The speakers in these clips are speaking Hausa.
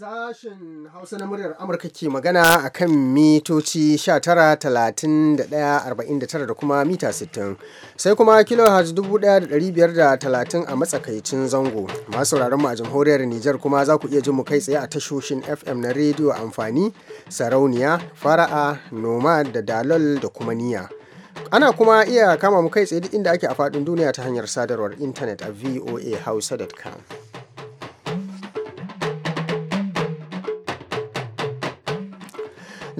Sashen Hausa na muryar Amurka ke magana a kan mitoci 19,31,49 da kuma mita 60, sai kuma kilohertz 1,530 a matsakaicin zango. Masu mu a jamhuriyar Nijar kuma za ku iya jin mu kai tsaye a tashoshin FM na rediyo amfani, sarauniya, fara'a, noma da dalol da kuma niya. Ana kuma iya kama mu kai tsaye duk inda ake a faɗin duniya ta hanyar sadarwar intanet a voahausa.com.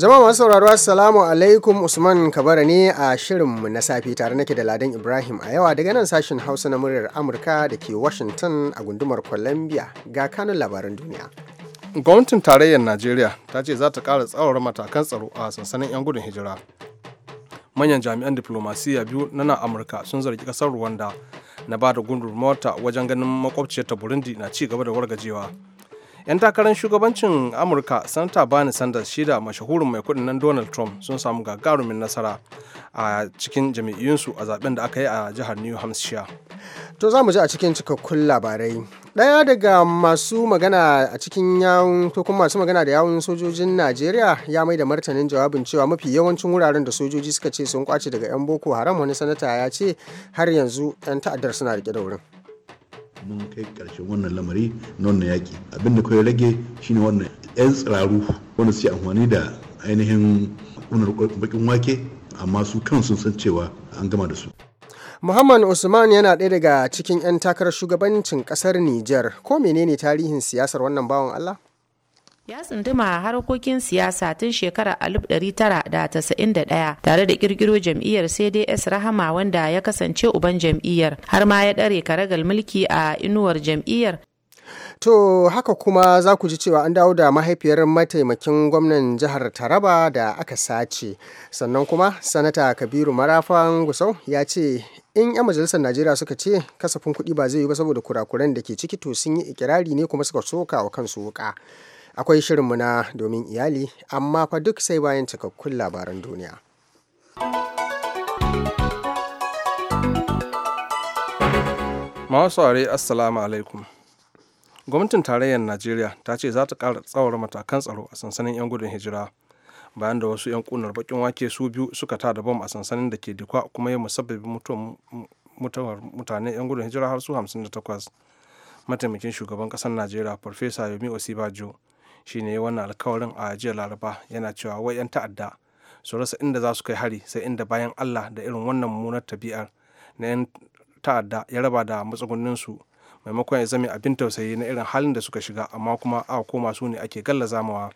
Zama masu sauraro Assalamu alaikum Usman Kabara ne a shirin mu na safe tare nake da Ladan Ibrahim a yawa daga nan sashen Hausa na muryar Amurka da ke Washington a gundumar Columbia ga kanun labaran duniya. Gwamnatin tarayyar Najeriya ta ce za ta ƙara tsawar matakan tsaro a sansanin 'yan gudun hijira. Manyan jami'an diplomasiya biyu na na Amurka sun zargi ƙasar Rwanda na ba da gundumar wajen ganin makwabciyar ta Burundi na ci gaba da wargajewa. 'yan takarar shugabancin amurka sanata bani sanders shi da mashahurin mai kudin nan donald trump sun samu gagarumin nasara a cikin jami'insu a zaben da aka yi a jihar new hampshire to za mu ji a cikin cikakkun labarai daya daga masu magana a cikin yawun to kuma masu magana da yawun sojojin najeriya ya mai da martanin jawabin cewa mafi yawancin wuraren da sojoji suka ce sun kwace daga 'yan boko haram wani sanata ya ce har yanzu 'yan ta'addar suna rike da wurin mun kai karshen wannan lamari na wannan yaƙi abin da kawai rage shine wannan 'yan tsiraru wanda suke amfani da ainihin kunar bakin wake amma su kan sun san cewa an gama da su Muhammad Usman yana ɗaya daga cikin 'yan takarar shugabancin ƙasar Nijar ko menene tarihin siyasar wannan bawan Allah? ya tsunduma harkokin siyasa tun shekarar 1991 tare da kirkiro jam'iyyar cds rahama wanda ya kasance uban jam'iyyar har ma ya ɗare karagal mulki a inuwar jam'iyyar To haka kuma za ku ji cewa an dawo da mahaifiyar mataimakin gwamnan jihar Taraba da aka sace. Sannan kuma Sanata Kabiru Marafan Gusau ya ce in 'yan majalisar Najeriya suka ce kasafin kuɗi ba zai yi ba saboda kurakuran da ke ciki to sun yi ikirari ne kuma suka soka wa kansu wuka. akwai shirinmu na domin iyali amma fa duk sai bayan cikakkun labaran duniya. Mawasare Assalamu alaikum. Gwamnatin tarayyar Najeriya ta ce za ta ƙara tsawar matakan tsaro a sansanin 'yan gudun hijira bayan da wasu 'yan kunar bakin wake su biyu suka ta da bom a sansanin da ke dikwa kuma ya musabbabi mutuwar mutane 'yan gudun hijira har su 58. Mataimakin shugaban ƙasar Najeriya Farfesa Yomi Osibajo shine ne wannan alkawarin a jiya laraba yana cewa wai 'yan ta'adda su rasa inda za su kai hari sai inda bayan allah da irin wannan mummunar tabi'ar na 'yan ta'adda ya raba da matsugunnin su maimakon ya zame abin tausayi na irin halin da suka shiga amma kuma a koma su ne ake gallazamawa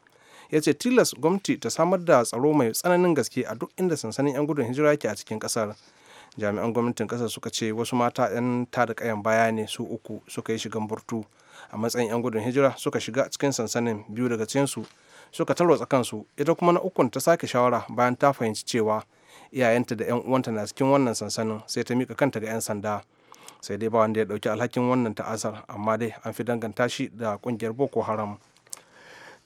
ya ce tilas gwamnati ta samar da tsaro mai tsananin gaske a duk inda sansanin 'yan gudun hijira yake a cikin kasar jami'an gwamnatin kasar suka ce wasu mata 'yan tada kayan baya ne su uku suka yi shigan burtu a matsayin 'yan gudun hijira suka shiga cikin sansanin biyu daga cikinsu suka tarwatsa kansu ita kuma na ukun ta sake shawara bayan ta fahimci cewa iyayenta da 'yan uwanta na cikin wannan sansanin sai ta mika kanta ga 'yan sanda sai dai ba wanda ya ɗauki alhakin wannan ta'asar amma dai an fi danganta shi da ƙungiyar boko haram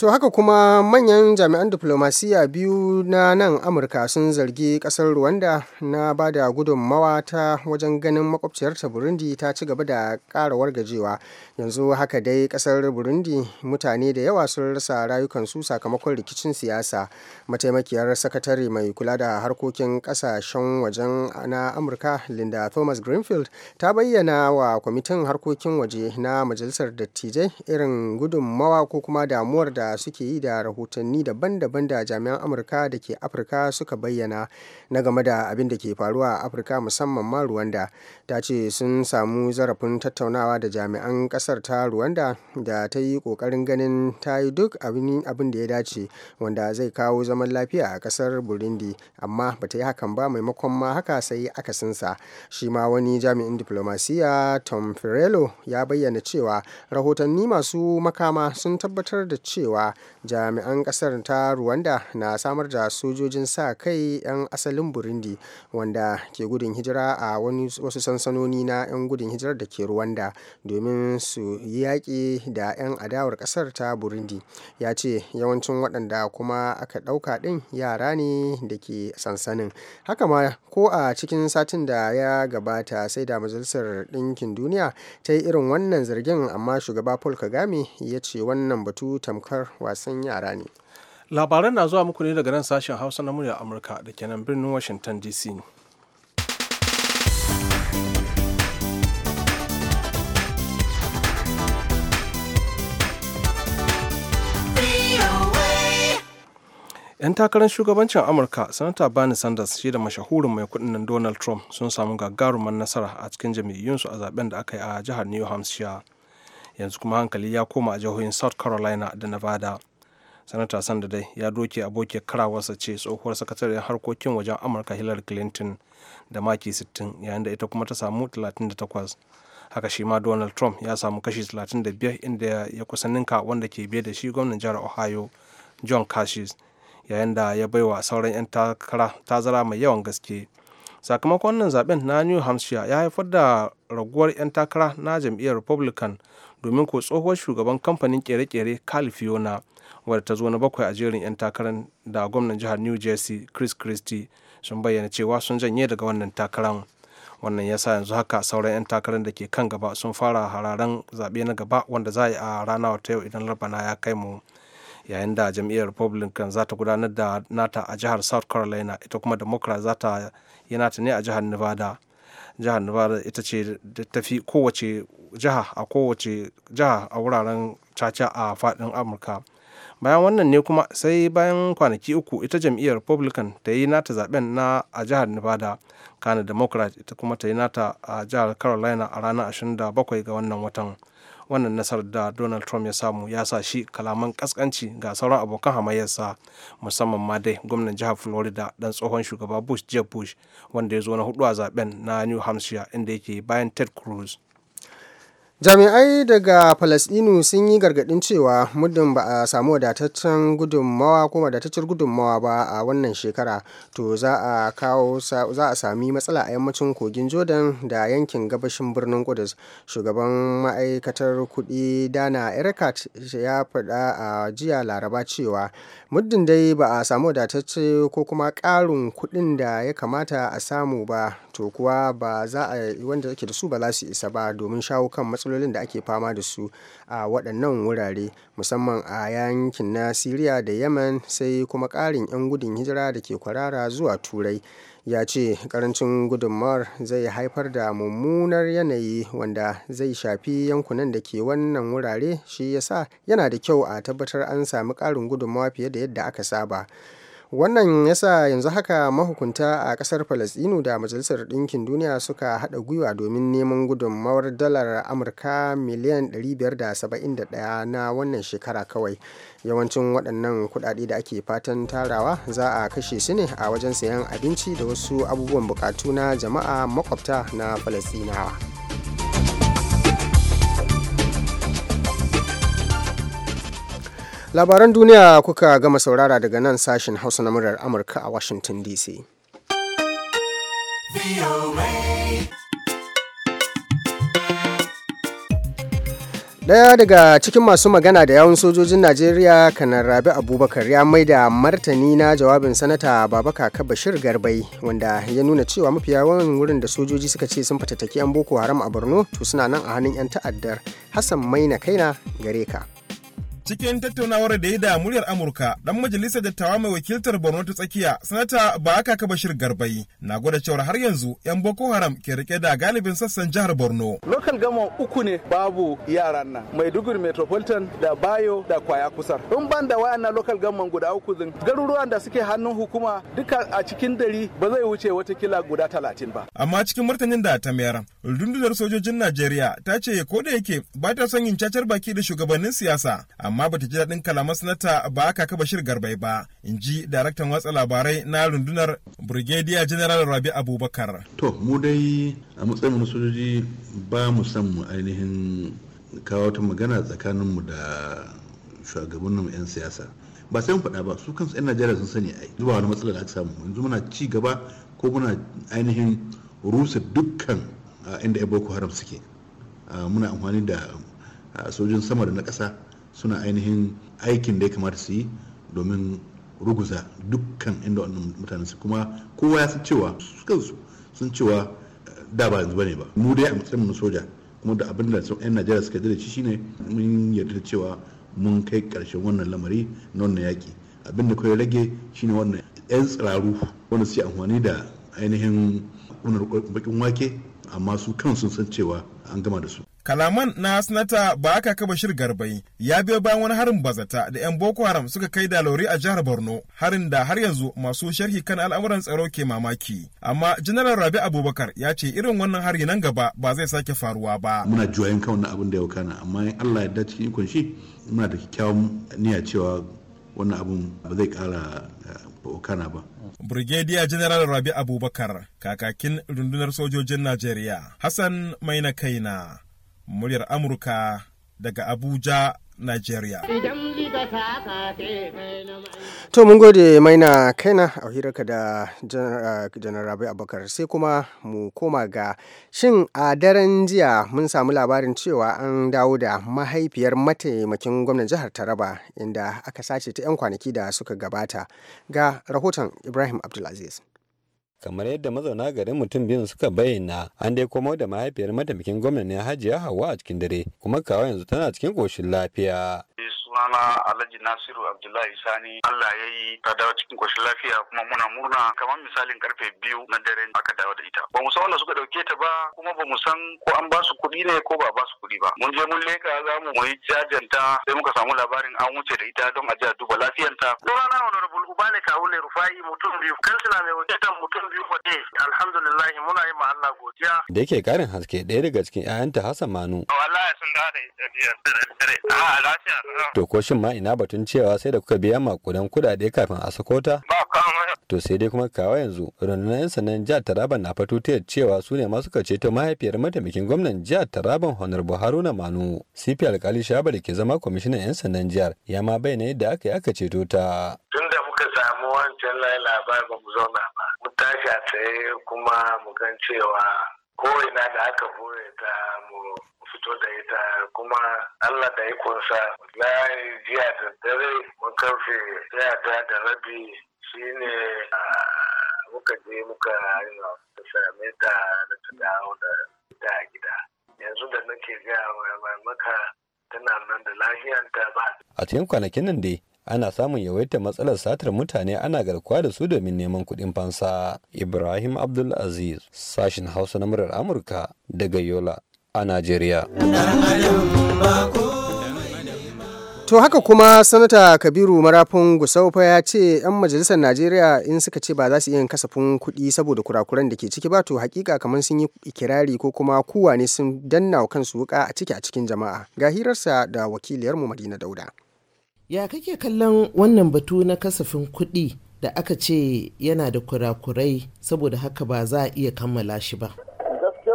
To haka kuma manyan jami'an diflomasiyya biyu na nan Amurka sun zargi ƙasar Rwanda na ba da gudunmawa ta wajen ganin makwabciyarta Burundi ta ci gaba da ƙara gajewa? Yanzu haka dai ƙasar Burundi mutane da yawa sun rasa rayukansu sakamakon rikicin siyasa. Mataimakiyar sakatare mai kula da harkokin ƙasashen wajen na Amurka Linda Thomas Greenfield ta bayyana wa kwamitin harkokin waje na majalisar dattijai irin gudunmawa ko kuma damuwar da suke yi da rahotanni daban-daban da jami'an amurka da ke afirka suka bayyana na game da abin da ke faruwa a afirka musamman ma ruwanda ta ce sun samu zarafin tattaunawa da jami'an kasar ta ruwanda da ta yi kokarin ganin ta yi duk abin da ya dace wanda zai kawo zaman lafiya a kasar burundi amma ba ta yi hakan ba maimakon ma haka sai aka sinsa shi ma wani jami'in diplomasiya tom ferrello ya bayyana cewa rahotanni masu makama sun tabbatar da cewa cewa jami'an kasar ta ruwanda na samar da sojojin sa kai 'yan asalin burundi wanda ke gudun hijira a wasu sansanoni na 'yan gudun hijirar da ke ruwanda domin su yi yaƙi da 'yan adawar kasar ta burundi ya ce yawancin waɗanda kuma aka ɗauka ɗin yara ne da ke sansanin haka ma ko a cikin satin da ya gabata sai da majalisar ɗinkin duniya ta yi irin wannan zargin amma shugaba paul kagame ya ce wannan batu tamkar wasan yara ne labaran na zuwa muku ne daga nan sashen hausa na murya amurka da kenan birnin washington dc yan takarar shugabancin amurka sanata bani sanders shi da mashahurin mai kudin nan donald trump sun samu gagarumar nasara a cikin jam'iyyunsu a zaben da aka yi a jihar new hampshire yanzu kuma hankali ya koma a jihohin south carolina da nevada sanata sanda dai ya doke abokin karawarsa ce tsohuwar sakatariyar harkokin wajen amurka hillary clinton da maki 60 yayin da ita kuma ta samu 38 haka shi ma donald trump ya samu kashi 35 inda ya kusa ninka wanda ke biye da shi gwamnan jihar ohio john cashes yayin da ya baiwa sauran 'yan takara tazara mai yawan gaske sakamakon wannan zaben na new hampshire ya haifar da raguwar 'yan takara na jam'iyyar republican domin ko tsohuwar shugaban kamfanin kere-kere carl fiona wadda ta zo na bakwai a jerin 'yan takarar da gwamnan jihar new jersey chris christie sun bayyana cewa sun janye daga wannan takarar wannan ya sa yanzu haka sauran 'yan takarar da ke kan gaba sun fara hararen zaɓe na gaba wanda za a yi a rana ta yau idan larbana ya kai mu yayin da jam'iyyar republican za ta gudanar da nata a jihar south carolina ita kuma democrat za ta yi nata ne a jihar nevada jihar nevada ita ce da tafi kowace jiha a kowace jiha a wuraren caca a faɗin amurka bayan wannan ne kuma sai bayan kwanaki uku ita jam'iyyar republican ta yi nata zaben na a jihar nevada kana democrat ita kuma ta yi nata a jihar carolina a ranar 27 ga wannan watan wannan nasarar da donald trump ya samu ya sa shi kalaman kaskanci ga sauran abokan hamayyarsa musamman ma dai gwamnan jihar florida dan tsohon shugaba bush jeb bush wanda ya zo na hudu a zaben na new hampshire inda yake bayan ted cruz jami'ai daga falasɗinu sun yi gargaɗin cewa muddin ba a samu wadataccen gudunmawa ko wadataccen gudunmawa ba a wannan shekara to za a sami matsala a yammacin kogin jordan da yankin gabashin birnin kudus shugaban ma'aikatar kuɗi dana ericat ya faɗa a jiya laraba cewa muddin dai ba a samu wadatacce ko kuma ƙarin kuɗin da ya kamata a samu ba to kuwa ba za a wanda da su ba za su isa ba domin shawo kan matsala matsalolin da ake fama da su a waɗannan wurare musamman a yankin na Siriya da Yemen sai kuma ƙarin 'yan gudun hijira da ke kwarara zuwa Turai. ya ce karancin gudunmawar zai haifar da mummunar yanayi wanda zai shafi yankunan da ke wannan wurare shi yasa yana da kyau a tabbatar an sami ƙarin gudunmawa fiye da yadda aka saba wannan ya sa yanzu haka mahukunta a kasar falasɗinu da majalisar ɗinkin duniya suka haɗa gwiwa domin neman gudunmawar dalar amurka miliyan 571 na wannan shekara kawai yawancin waɗannan kuɗaɗe da ake fatan tarawa za a kashe su ne a wajen sayan abinci da wasu abubuwan buƙatu na jama'a makwabta na falasɗinawa labaran duniya kuka gama saurara daga nan sashen hausa na murar amurka a washington dc Daya daga cikin masu magana da yawun sojojin Najeriya kanar Rabi Abubakar ya maida martani na jawabin sanata Babaka Bashir Garbai wanda ya nuna cewa mafi yawan wurin da sojoji suka ce sun fatattaki 'yan Boko Haram a Borno to suna nan a hannun 'yan ta'addar Hassan Maina Kaina gare ka. cikin tattaunawar da ya da muryar amurka dan majalisar dattawa mai wakiltar borno ta tsakiya sanata ba'aka bashir garbai na gwada cewar har yanzu yan boko haram ke rike da galibin sassan jihar borno lokal gama uku ne babu yaran nan maiduguri metropolitan da bayo da kwaya kusar in ban da wayannan lokal gama guda uku din garuruwan da suke hannun hukuma duka a cikin dari ba zai wuce watakila guda talatin ba amma cikin martanin da ta mayar rundunar sojojin najeriya ta ce ko da yake ba ta son yin cacar baki da shugabannin siyasa amma amma bata ji daɗin kalaman sanata ba kaba shir garbai ba in ji daraktan watsa labarai na rundunar brigadier general rabi abubakar to mu dai a matsayin sojoji ba mu san mu ainihin kawo ta magana tsakaninmu da shugabannin 'yan siyasa ba sai mun faɗa ba su kansu 'yan najeriya sun sani ai zuba wani matsala da aka samu yanzu muna ci gaba ko muna ainihin rusa dukkan inda ya boko haram suke muna amfani da sojin sama da na ƙasa suna ainihin aikin da ya kamata su yi domin ruguza dukkan inda wannan mutane su kuma kowa ya san cewa kansu sun cewa eh, da ba yanzu bane ba mu dai a matsayin mu soja kuma da abin da yan najeriya suka yarda da shi shine mun yarda da cewa mun kai karshen wannan lamari na wannan yaki abin da kawai rage shine wannan yan tsiraru wanda su yi amfani da ainihin kunar bakin wake amma su kansu san cewa an gama da su Kalaman na Sanata kaba Kabashir Garbai ya biyo bayan wani harin bazata da 'yan Boko Haram suka kai da lauri a jihar Borno, harin da har yanzu masu sharhi kan al'amuran tsaro ke mamaki. Amma Janaral Rabi Abubakar ya ce irin wannan hari nan gaba ba zai sake faruwa ba. Muna juyayin kan wannan abin da ya kana amma Allah ya dace ikon shi muna da kyakkyawan niyya cewa wannan abun ba zai kara eh, kana ba. Brigadier General Rabi Abubakar, kakakin rundunar sojojin Najeriya, Hassan Maina Kaina. muryar Amurka daga Abuja, Najeriya. To mun gode maina kaina a hirarka da janar Rabi Abubakar sai kuma mu koma ga shin a daren jiya mun samu labarin cewa an dawo da mahaifiyar mataimakin gwamnan jihar Taraba inda aka sace ta 'yan kwanaki da suka gabata ga rahoton Ibrahim Abdulaziz. kamar yadda mazauna garin mutum biyun suka bayyana an dai komo da mahaifiyar mataimakin gwamnan hajiya hawa a cikin dare kuma kawo yanzu tana cikin koshin lafiya sunana Alhaji Nasiru Abdullahi Sani Allah ya yi ta dawo cikin koshin lafiya kuma muna murna kamar misalin karfe biyu na dare aka dawo da ita. Ba mu san wanda suka dauke ta ba kuma ba mu san ko an ba su kuɗi ne ko ba ba su kuɗi ba. Mun je mun leka za mu yi jajanta sai muka samu labarin an wuce da ita don a ji a duba lafiyanta. Sunana Honorable Ubale Kawule Rufai mutum biyu. Kansila mai wakiltar mutum biyu ne Alhamdulillah muna yi ma Allah godiya. Da yake karin haske ɗaya daga cikin 'ya'yanta Hassan Manu. A To ko shin ma ina batun cewa sai da kuka biya ma makudan kudade kafin a sako ta to sai dai kuma kawo yanzu rundunar 'yan sannan jihar taraban na fatutiyar cewa su ne masu kace ta mahaifiyar mataimakin gwamnan jihar taraban Buharu na manu cp alkali shaba da ke zama kwamishinan 'yan sannan jihar ya ma bayyana yadda aka yi aka ceto ta tun da muka samu wancan labarin ba mu zauna ba mu tashi a tsaye kuma mu gan cewa ko ina da aka bore ta fito da ita kuma Allah da ikonsa na jiya da dare mun karfe daya da rabi shine muka je muka da same ta da ta dawo da ta gida yanzu da nake gaya maka tana nan da ta ba a cikin kwanakin nan dai ana samun yawaitar matsalar satar mutane ana garkuwa da su domin neman kuɗin fansa. Ibrahim Abdulaziz, sashin Hausa na murar Amurka daga Yola a najeriya To haka kuma sanata Kabiru Marafin Gusaufa ya ce 'yan majalisar Najeriya in suka ce ba za su iya kasafin kuɗi saboda kurakuran da ke ciki ba to hakika kamar sun yi ikirari ko kuma kowa ne sun danna wa kansu wuka a ciki a cikin jama'a. Ga hirarsa da wakiliyarmu Madina Dauda. Ya kake kallon wannan batu na kasafin kuɗi da aka ce yana da kurakurai saboda haka ba za a iya kammala shi ba.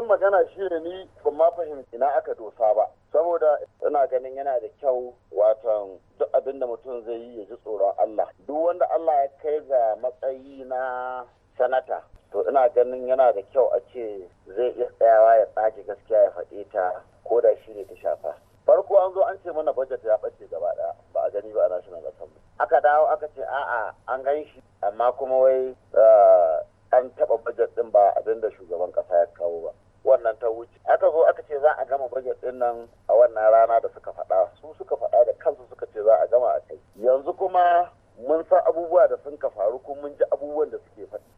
wannan magana shi ne ni ban ma fahimci na aka dosa ba saboda ina ganin yana da kyau watan duk abin da mutum zai yi ya ji tsoron Allah duk wanda Allah ya kai ga matsayi na sanata to ina ganin yana da kyau a ce zai iya tsayawa ya tsaki gaskiya ya faɗe ta ko da shi ne ta shafa farko an zo an ce mana budget ya ɓace gaba ɗaya ba a gani ba a national assembly aka dawo aka ce a'a an gan shi amma kuma wai eh, an taɓa budget ɗin ba abinda shugaban ƙasa ya kawo ba wannan ta wuce aka zo aka ce za a gama bajet din nan a wannan rana da suka faɗa su suka faɗa da kansu suka ce za a gama a kai yanzu kuma mun san abubuwa da sun ka faru kuma mun ji abubuwan da suke faɗi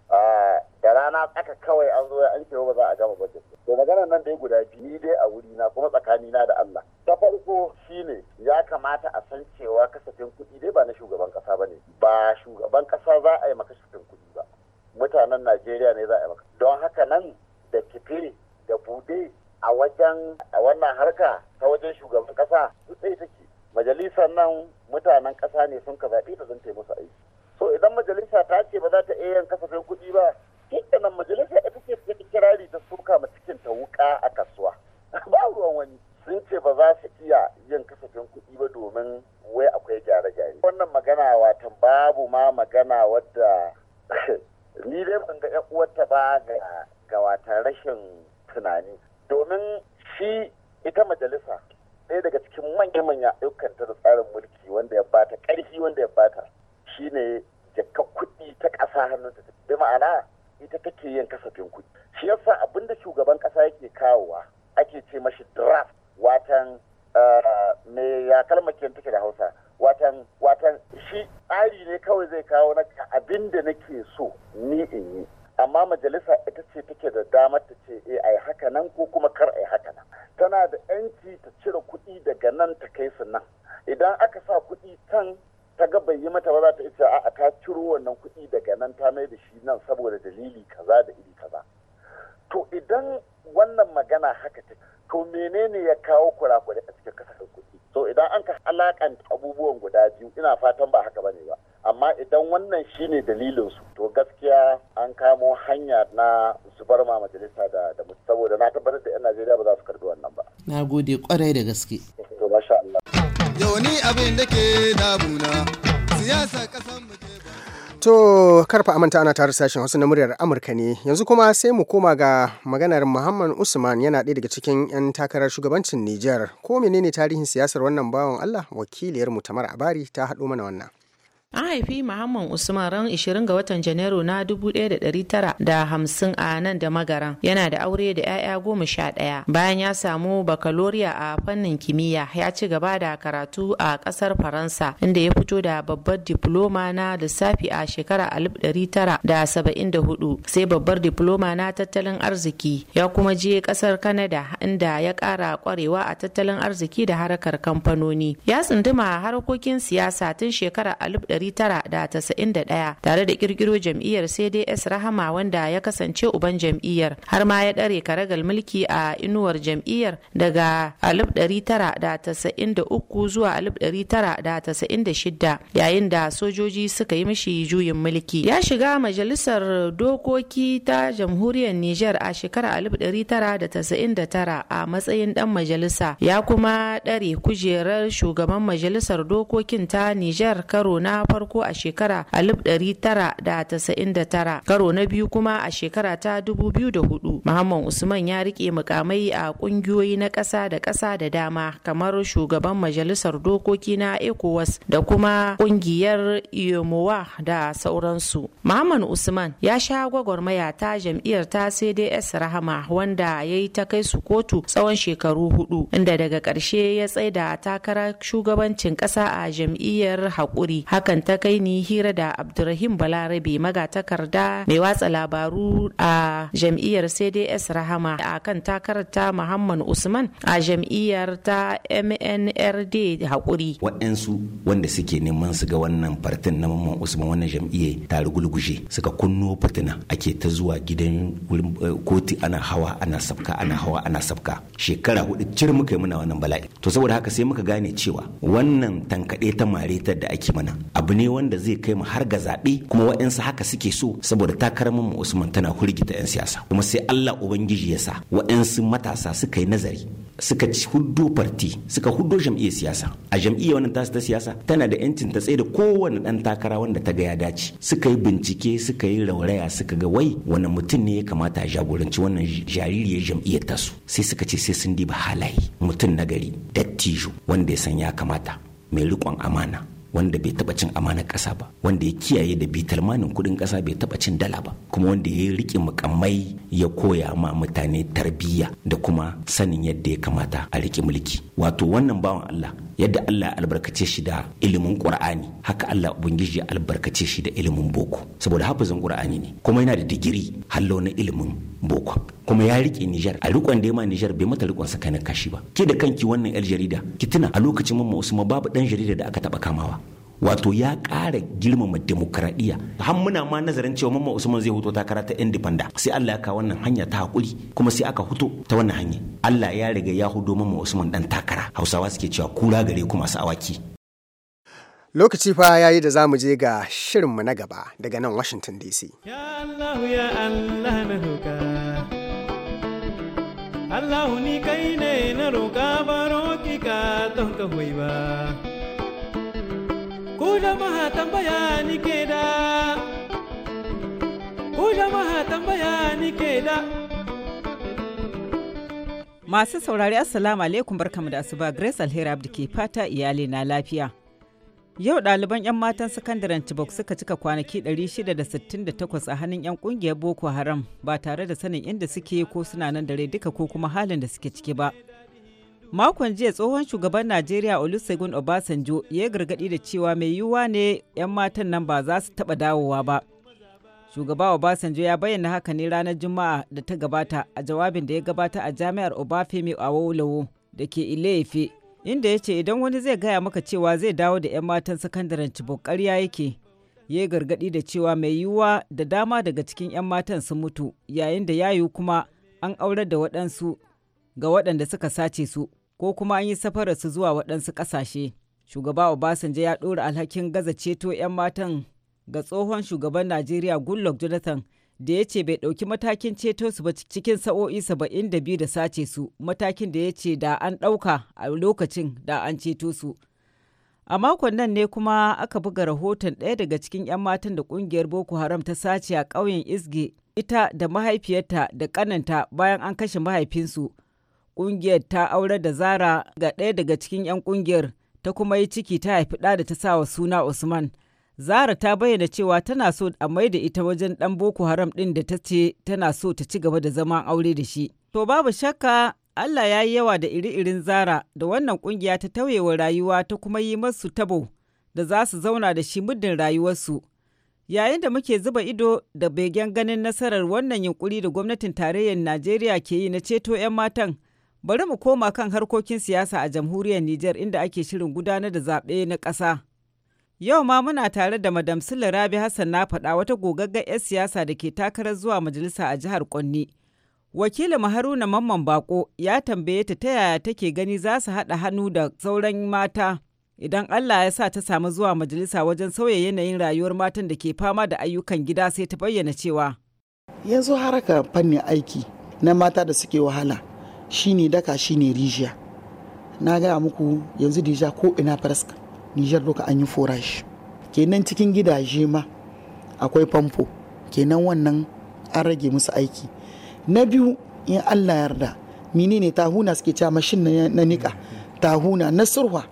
da rana aka kawai an zo an ce ba za a gama budget to magana nan dai guda biyu Ni dai a wuri na kuma tsakani na da Allah ta farko shine ya kamata a san cewa kasafin kuɗi dai ba na shugaban ƙasa ba ba shugaban ƙasa za a yi kasafin kuɗi ba mutanen Najeriya ne za a yi maka don haka nan da kifiri da bude a wajen wannan harka ta wajen shugaban kasa duk ɗaya take majalisar nan mutanen kasa ne sun ka zaɓe ta zan musu aiki so idan majalisa ta ce ba za ta iya yin kasafin kuɗi ba nan majalisa ita ce ta kirari ta suka ma cikin ta wuka a kasuwa ba ruwan wani sun ce ba za su iya yin kasafin kuɗi ba domin wai akwai gyare-gyare wannan magana watan babu ma magana wadda ni dai ban ga uwarta ba ga watan rashin tunani domin shi ita majalisa ɗaya daga cikin manya-manya ayyukan ta da tsarin mulki wanda ya bata ƙarfi wanda ya bata shine jaka kuɗi ta ƙasa hannun ta bi ma'ana ita take yin kasafin kuɗi shi yasa abinda shugaban ƙasa yake kawowa ake ce mashi draft watan eh, me ya kalmakin take da hausa watan watan shi tsari ne kawai zai kawo na da nake so ni in yi amma majalisa ita ce take da damar ta ce eh ai haka nan ko kuma kar ai haka nan tana da yanci ta cire kuɗi daga nan ta kai su nan idan aka sa kuɗi can ta ga bai yi mata ba za ta ce a'a ta ciro wannan kuɗi daga nan ta mai da shi nan saboda dalili kaza da iri kaza to idan wannan magana haka take to menene ya kawo kurakurai a cikin kasashen kuɗi to idan an ka alakanta abubuwan guda biyu ina fatan ba haka bane ba amma idan wannan shine dalilin su to gaskiya an kamo hanya na zubar ma majalisa da da saboda na tabbatar da yan Najeriya ba za su karbi wannan ba na gode kwarai da gaske to masha Allah yau ni abin da ke damuna siyasa kasan To karfa amanta ana tare sashen wasu na muryar Amurka ne yanzu kuma sai mu koma ga maganar Muhammad Usman yana ɗaya daga cikin 'yan takarar shugabancin Nijar ko menene tarihin siyasar wannan bawan Allah wakiliyar mu Tamar Abari ta haɗo mana wannan. An haifi Muhammad Usman ran 20 ga watan Janairu na 1950 a nan da magaran. Yana da aure da 'ya'ya goma sha ɗaya. Bayan ya samu bakaloriya a fannin kimiyya ya ci gaba da karatu a ƙasar Faransa inda ya fito da babbar diploma na lissafi a shekara 1974 sai babbar diploma na tattalin arziki ya kuma je ƙasar Kanada, inda ya ƙara ƙwarewa a tattalin arziki da harkar kamfanoni. Ya tsunduma harkokin siyasa tun shekara 1991 tare da kirkiro jam'iyyar CDS Rahama wanda ya kasance uban jam'iyyar har ma ya dare karagal mulki a inuwar jam'iyyar daga 1993 zuwa 1996 yayin da sojoji suka yi mishi juyin mulki. Ya shiga majalisar dokoki ta jamhuriyar Nijar a shekarar 1999 a matsayin dan majalisa ya kuma dare kujerar shugaban majalisar dokokin ta Nijar karo na farko a shekara 1999 karo na biyu kuma a shekara ta 2004 muhammad usman ya rike mukamai a kungiyoyi na ƙasa da ƙasa da dama kamar shugaban majalisar dokoki na ecowas da kuma kungiyar iyomowa da sauransu muhammad usman ya sha gwagwarmaya ta jam'iyyar ta cds rahama wanda ya yi ta kai su kotu tsawon shekaru hudu inda daga ƙarshe ya tsaida takarar shugabancin ƙasa a jam'iyyar haƙuri haka hakan ta kai ni hira da abdurrahim balarabe magatakarda mai watsa labaru a jam'iyyar cds rahama a kan takarta muhammad usman a jam'iyyar ta mnrd haƙuri waɗansu wanda suke neman su ga wannan fartin na muhammad usman wannan jam'iyyar ta rugulguje suka kunno fitina ake ta zuwa gidan eh, koti ana hawa ana sabka ana hawa ana sabka shekara hudu cir muka yi muna wannan bala'i to saboda haka sai muka gane cewa wannan tankaɗe ta mare ta da ake mana abu ne wanda zai kai mu har ga zaɓe kuma waɗansu haka suke so saboda takarar mu Usman tana hurgita 'yan siyasa kuma sai Allah ubangiji ya sa wa'insu matasa suka yi nazari suka ci hudu farti suka hudu jam'iyyar siyasa a jam'iyyar wannan tasu ta siyasa tana da yancin ta tsaye da kowane dan takara wanda ta ga ya dace suka yi bincike suka yi rauraya suka ga wai wani mutum ne ya kamata a jagoranci wannan jaririyar jam'iyyar tasu sai suka ce sai sun diba halaye mutum nagari dattijo wanda ya san ya kamata mai riƙon amana wanda bai taba cin amanar ƙasa ba wanda ya kiyaye da bitalmanin kuɗin ƙasa bai taba cin dala ba kuma wanda ya riƙe mukammai ya koya ma mutane tarbiyya da kuma sanin yadda ya kamata a riƙe mulki wato wannan bawan Allah yadda Allah ya albarkace shi da ilimin Qur'ani haka Allah ubangiji ya albarkace shi da ilimin boko saboda hafizin Qur'ani ne kuma yana da digiri hallo na ilimin boko kuma ya rike Nijar a rikon da ma Nijar bai mata rikon sakanin kashi ba ke da kanki wannan yar jarida ki tuna a lokacin mamma Usman babu dan jarida da aka taba kamawa wato ya ƙara girmama demokradiyya har muna ma nazarin cewa mamman usman zai hoto takara ta independent sai Allah ya kawo wannan hanya ta hakuri kuma sai aka hoto ta wannan hanya Allah ya riga ya hudo mamman usman dan takara hausawa suke cewa kura gare ku masu awaki lokaci fa ya yi da za mu je ga shirin mu na gaba daga nan Washington DC Allah ni kai ne na roƙa baro ki ka don ka ba ku tambaya ni tambaya ni masu saurari assalamu alaikum barkamu da asuba grace alheri abdi ke fata iyali na lafiya Yau ɗaliban 'yan matan sakandaren Chibok suka cika kwanaki 668 a hannun 'yan ƙungiyar Boko Haram ba tare da sanin inda suke ko suna nan dare duka ko kuma halin da suke ciki ba. makon jiya tsohon shugaban najeriya olusegun obasanjo ya gargaɗi da cewa mai yiwuwa ne 'yan matan nan ba za su taba dawowa ba shugaba obasanjo ya bayyana haka ne ranar juma'a da ta gabata a jawabin da ya gabata a jami'ar obafemi awolowo da ke ilefe inda ya ce idan wani zai gaya maka cewa zai dawo da 'yan matan sakandaren cibok ya yake ya gargaɗi da cewa mai yiwuwa da dama daga cikin 'yan matan sun mutu yayin da yayu kuma an aurar da waɗansu ga waɗanda suka sace su ko kuma an yi safararsu zuwa waɗansu ƙasashe. Shugaba Obasanjo ya ɗora alhakin gaza ceto 'yan matan ga tsohon shugaban Najeriya Goodluck Jonathan da ya ce bai ɗauki matakin ceto su ba cikin sa'o'i saba'in da biyu da sace su matakin da ya ce da an ɗauka a lokacin da an ceto su. A makon nan ne kuma aka buga rahoton ɗaya daga cikin 'yan matan da ƙungiyar Boko Haram ta sace a ƙauyen Isge ita da mahaifiyarta da ƙananta bayan an kashe mahaifinsu. ƙungiyar ta aure da Zara ga ɗaya daga cikin 'yan ƙungiyar ta kuma yi ciki ta haifi ɗa da ta sa wa suna Usman. Zara ta bayyana cewa tana so a mai da ita wajen ɗan Boko Haram ɗin da ta ce tana so ta ci gaba da zaman aure da shi. To babu shakka Allah ya yi yawa da iri-irin Zara da wannan ƙungiya ta tauyewa rayuwa ta kuma yi masu tabo da za su zauna da shi muddin rayuwarsu. Yayin da muke zuba ido da begen ganin nasarar wannan yunkuri da gwamnatin tarayyar Najeriya ke yi na ceto 'yan matan, Bari mu koma kan harkokin siyasa a jamhuriyar Nijar inda ake shirin gudanar da zaɓe na ƙasa. Yau ma muna tare da Madam sula Rabi Hassan na faɗa wata gogaggar 'yar siyasa da ke takarar zuwa majalisa a jihar Kwanni. Wakilin Haruna Mamman Bako ya tambaye ta ta yaya take gani za su haɗa hannu da sauran mata idan Allah ya sa ta samu zuwa majalisa wajen sauya yanayin rayuwar matan da ke fama da ayyukan gida sai ta bayyana cewa. Yanzu haraka fannin aiki na mata da suke wahala shine daka shine rijiya na gaya muku yanzu dija ko ina faraska nijar duka an yi forashi kenan cikin gidaje ma akwai famfo kenan wannan an rage musu aiki na biyu in allah yarda ne tahuna suke cewa mashin na nika tahuna na surwa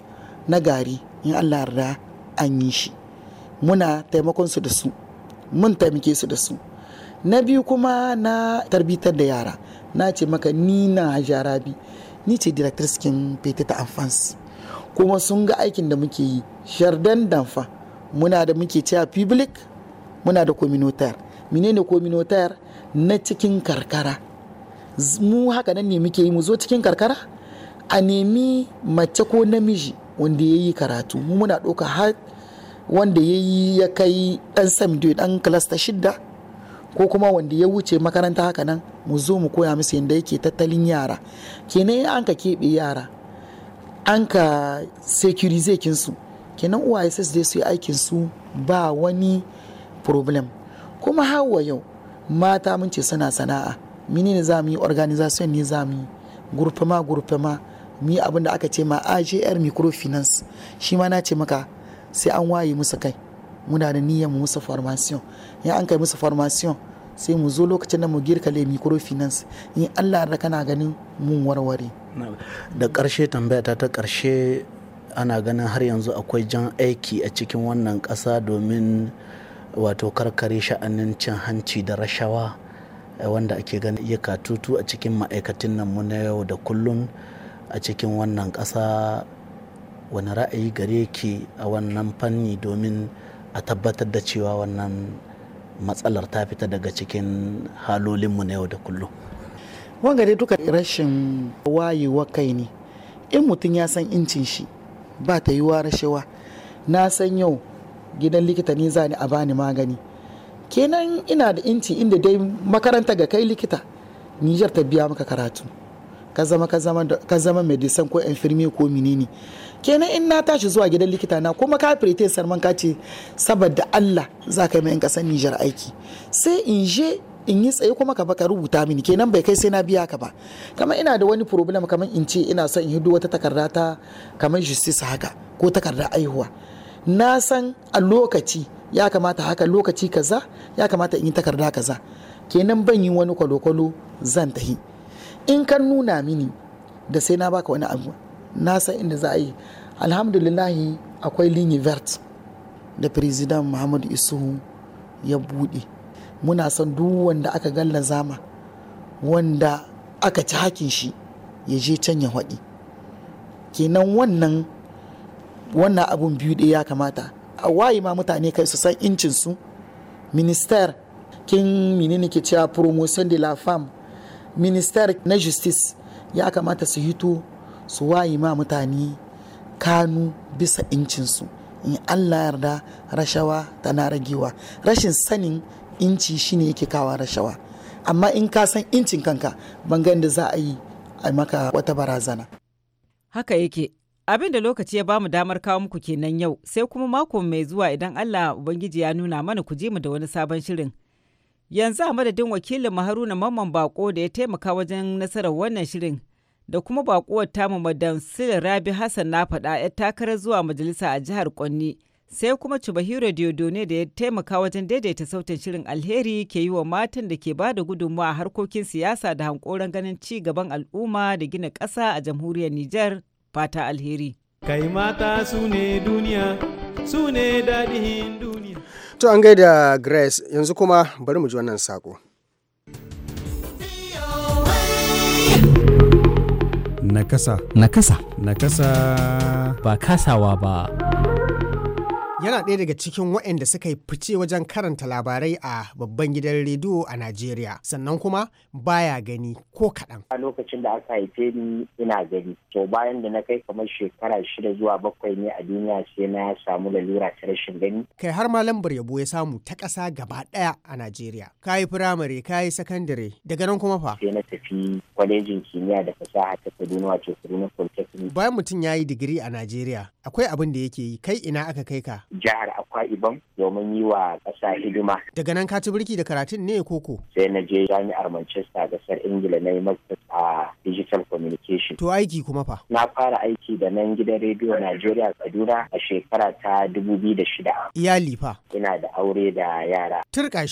na gari in allah yarda an yi shi muna taimakon su da su mun taimake su da su na biyu kuma na tarbitar da yara na ce maka Nina na jarabi ni ce director skin fete ta enfance kuma sun ga aikin da muke yi shardan damfa muna da muke cewa public muna da communautaire menene communautaire na cikin karkara mu haka nan ne muke yi mu zo cikin karkara a nemi mace ko namiji wanda ya yi karatu mu muna ɗauka har wanda ya yi ya kai ɗan samdiyo ɗan kilasta shidda ko kuma wanda ya wuce makaranta haka nan mu zo mu koya musu yadda yake tattalin yara kenan an ka keɓe yara an ka securize kinsu kenan uwaye sai su je su yi aikin su ba wani problem kuma hawa yau mata mun ce suna sana'a mini ne za mu yi organization ne za mu yi gurfama gurfama mu yi abin da aka ce ma AJR microfinance shi ma na ce maka sai an waye musu kai muna da niyyar mu musu formation ya an kai musu formation sai mu zo lokacin da mu girka le microfinance in Allah da kana ganin mun warware da karshe tambayata ta ta ƙarshe ana ganin har yanzu akwai jan aiki a cikin wannan ƙasa domin wato karkare sha'anin cin hanci da rashawa eh, wanda ake ganin iya katutu a cikin ma'aikatan nan mu na yau da kullun a cikin wannan kasa wani ra'ayi gare ki a wannan fanni domin a tabbatar da cewa wannan matsalar ta fita daga cikin halolinmu na yau da kullum wanga dai duka rashin wayewa kai ne in mutum ya san incin shi ba ta yiwa rashewa na san yau gidan likita ne zani a bani magani kenan ina da inci inda dai makaranta ga kai likita nijar ta biya maka karatu ka zama ka zama ka zama medicine ko infirmier ko menene kenan in na tashi zuwa gidan likita na kuma ka firete sarman ka ce saboda Allah za ka yi mai kasar Nijar aiki sai in je in yi tsaye kuma ka baka rubuta mini kenan bai kai sai na biya ka ba kamar ina da wani problem kamar in ce ina son in hido wata takarda ta kamar justice haka ko takarda aihuwa na san a lokaci ya kamata haka lokaci kaza ya kamata in yi takarda kaza kenan ban yi wani kwalokwalo zan tahi in ka nuna mini da sai na baka wani abu na san inda za a yi alhamdulillahi akwai linyi vert da president muhammadu isuhu ya buɗe muna son duk wanda aka galla zama wanda aka ci hakin shi ya je can ya haɗi kenan wannan wannan abun biyu ɗaya ya kamata a waye ma mutane kai su san incinsu minister kin menene ke cewa promotion de la femme minister na justice ya kamata su hito su wayi ma mutane kanu bisa incinsu in allah yarda rashawa tana ragewa rashin sanin inci shine yake kawa rashawa amma in ka san incin kanka bangan da za a yi a maka wata barazana haka yake abin da lokaci ya bamu damar kawo muku kenan yau sai kuma mako mai zuwa idan allah ubangiji ya nuna mana ku je mu da wani sabon shirin Yanzu a madadin wakilin Haruna Mamman Bako da ya taimaka wajen nasarar wannan shirin da kuma bakuwar tamu Madam silin Rabi Hassan na faɗa 'yar takarar zuwa majalisa a jihar Kwanni. sai kuma Chubahiro Diodone da ya taimaka wajen daidaita sautin shirin alheri ke yi wa matan da ke ba da gudunmawa a harkokin siyasa da hankoran ganin ci gaban al'umma da gina ƙasa a jamhuriyar Nijar fata alheri. Kai mata su ne duniya, su ne daɗin duniya. To an gaida Grace yanzu kuma bari mu ji wannan sako. Nakasa. Nakasa. Nakasa. Ba kasawa ba. yana ɗaya daga cikin waɗanda suka yi fice wajen karanta labarai a babban gidan rediyo a Najeriya sannan kuma baya gani ko kaɗan. A lokacin da aka haife ni ina gani to bayan da na kai kamar shekara shida zuwa bakwai ne a duniya sai na samu lalura ta rashin gani. Kai har ma lambar yabo ya samu ta ƙasa gaba ɗaya a Najeriya. Ka yi firamare ka yi sakandare daga nan kuma fa. Sai na tafi kwalejin kimiyya da fasaha ta Kaduna wato Kaduna Polytechnic. Bayan mutum ya yi digiri a Najeriya akwai abin da yake yi kai ina aka kai ka jihar akwa ibom domin yi wa ƙasa hidima daga nan ka ci birki da karatun ne koko sai na je jami'ar manchester da gasar ingila na yi a digital communication to aiki kuma fa na fara aiki da nan gidan rediyo najeriya kaduna a shekara ta dubu biyu da shida. iyali fa ina da aure da yara turka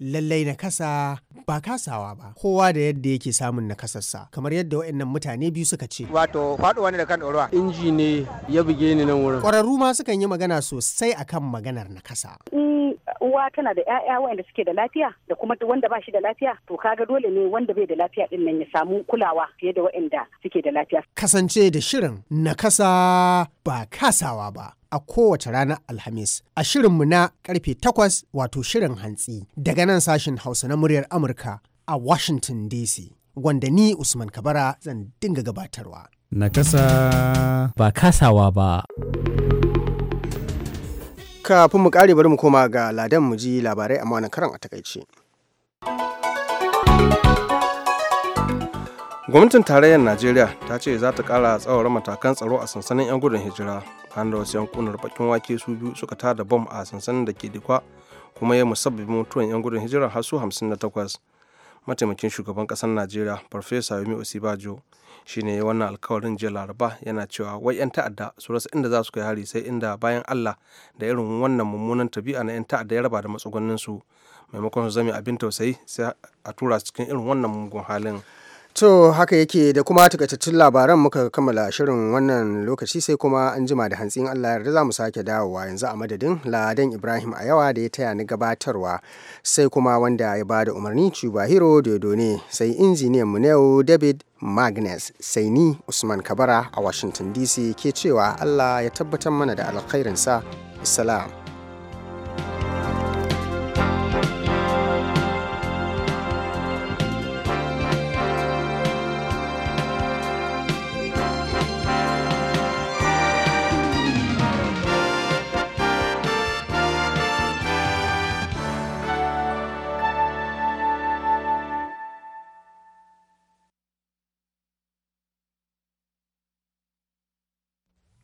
lallai na kasa ba kasawa ba kowa da yadda yake samun nakasarsa kamar yadda waɗannan mutane biyu suka ce wato faɗuwa ne da kan ɗorawa inji ne ya buge ni nan wurin ƙwararru ma sukan yi magana sosai akan maganar nakasa uwa tana da 'ya'ya waɗanda suke da lafiya da kuma wanda ba shi da lafiya to kaga dole ne wanda bai da lafiya din nan ya samu kulawa fiye da waɗanda suke da lafiya kasance da shirin nakasa ba kasawa ba a kowace ranar Alhamis a shirinmu na karfe takwas wato shirin hantsi daga nan sashin Hausa na muryar Amurka a Washington DC wanda ni Usman Kabara zan dinga gabatarwa. na kasa. ba kasawa ba. Kafin mu kare bari mu koma ga ladan mu ji labarai amma wani karan a takaice. gwamnatin tarayyar najeriya ta ce za ta kara tsawara matakan tsaro a sansanin 'yan gudun hijira bayan da wasu yankunan bakin wake su biyu suka da bom a sansanin da ke dikwa kuma ya musabbabi mutuwan 'yan gudun hijira har su 58 mataimakin shugaban kasar najeriya farfesa yomi osibajo shi ne wannan alkawarin jiya laraba yana cewa wai 'yan ta'adda su rasa inda za su kai hari sai inda bayan allah da irin wannan mummunan tabi'a na 'yan ta'adda ya raba da matsugunninsu maimakon su zame abin tausayi sai a tura cikin irin wannan mugun halin To haka yake da kuma takaitattun labaran muka kammala shirin wannan lokaci sai kuma an jima da hantsin Allah yarda za mu sake dawowa yanzu a madadin Ladan Ibrahim a yawa da ya taya ni gabatarwa sai kuma wanda ya ba da umarni dodo ne sai injiniyan mu Neo David Magnus sai ni Usman Kabara a Washington DC ke cewa Allah ya tabbatar mana da alkhairinsa. islam.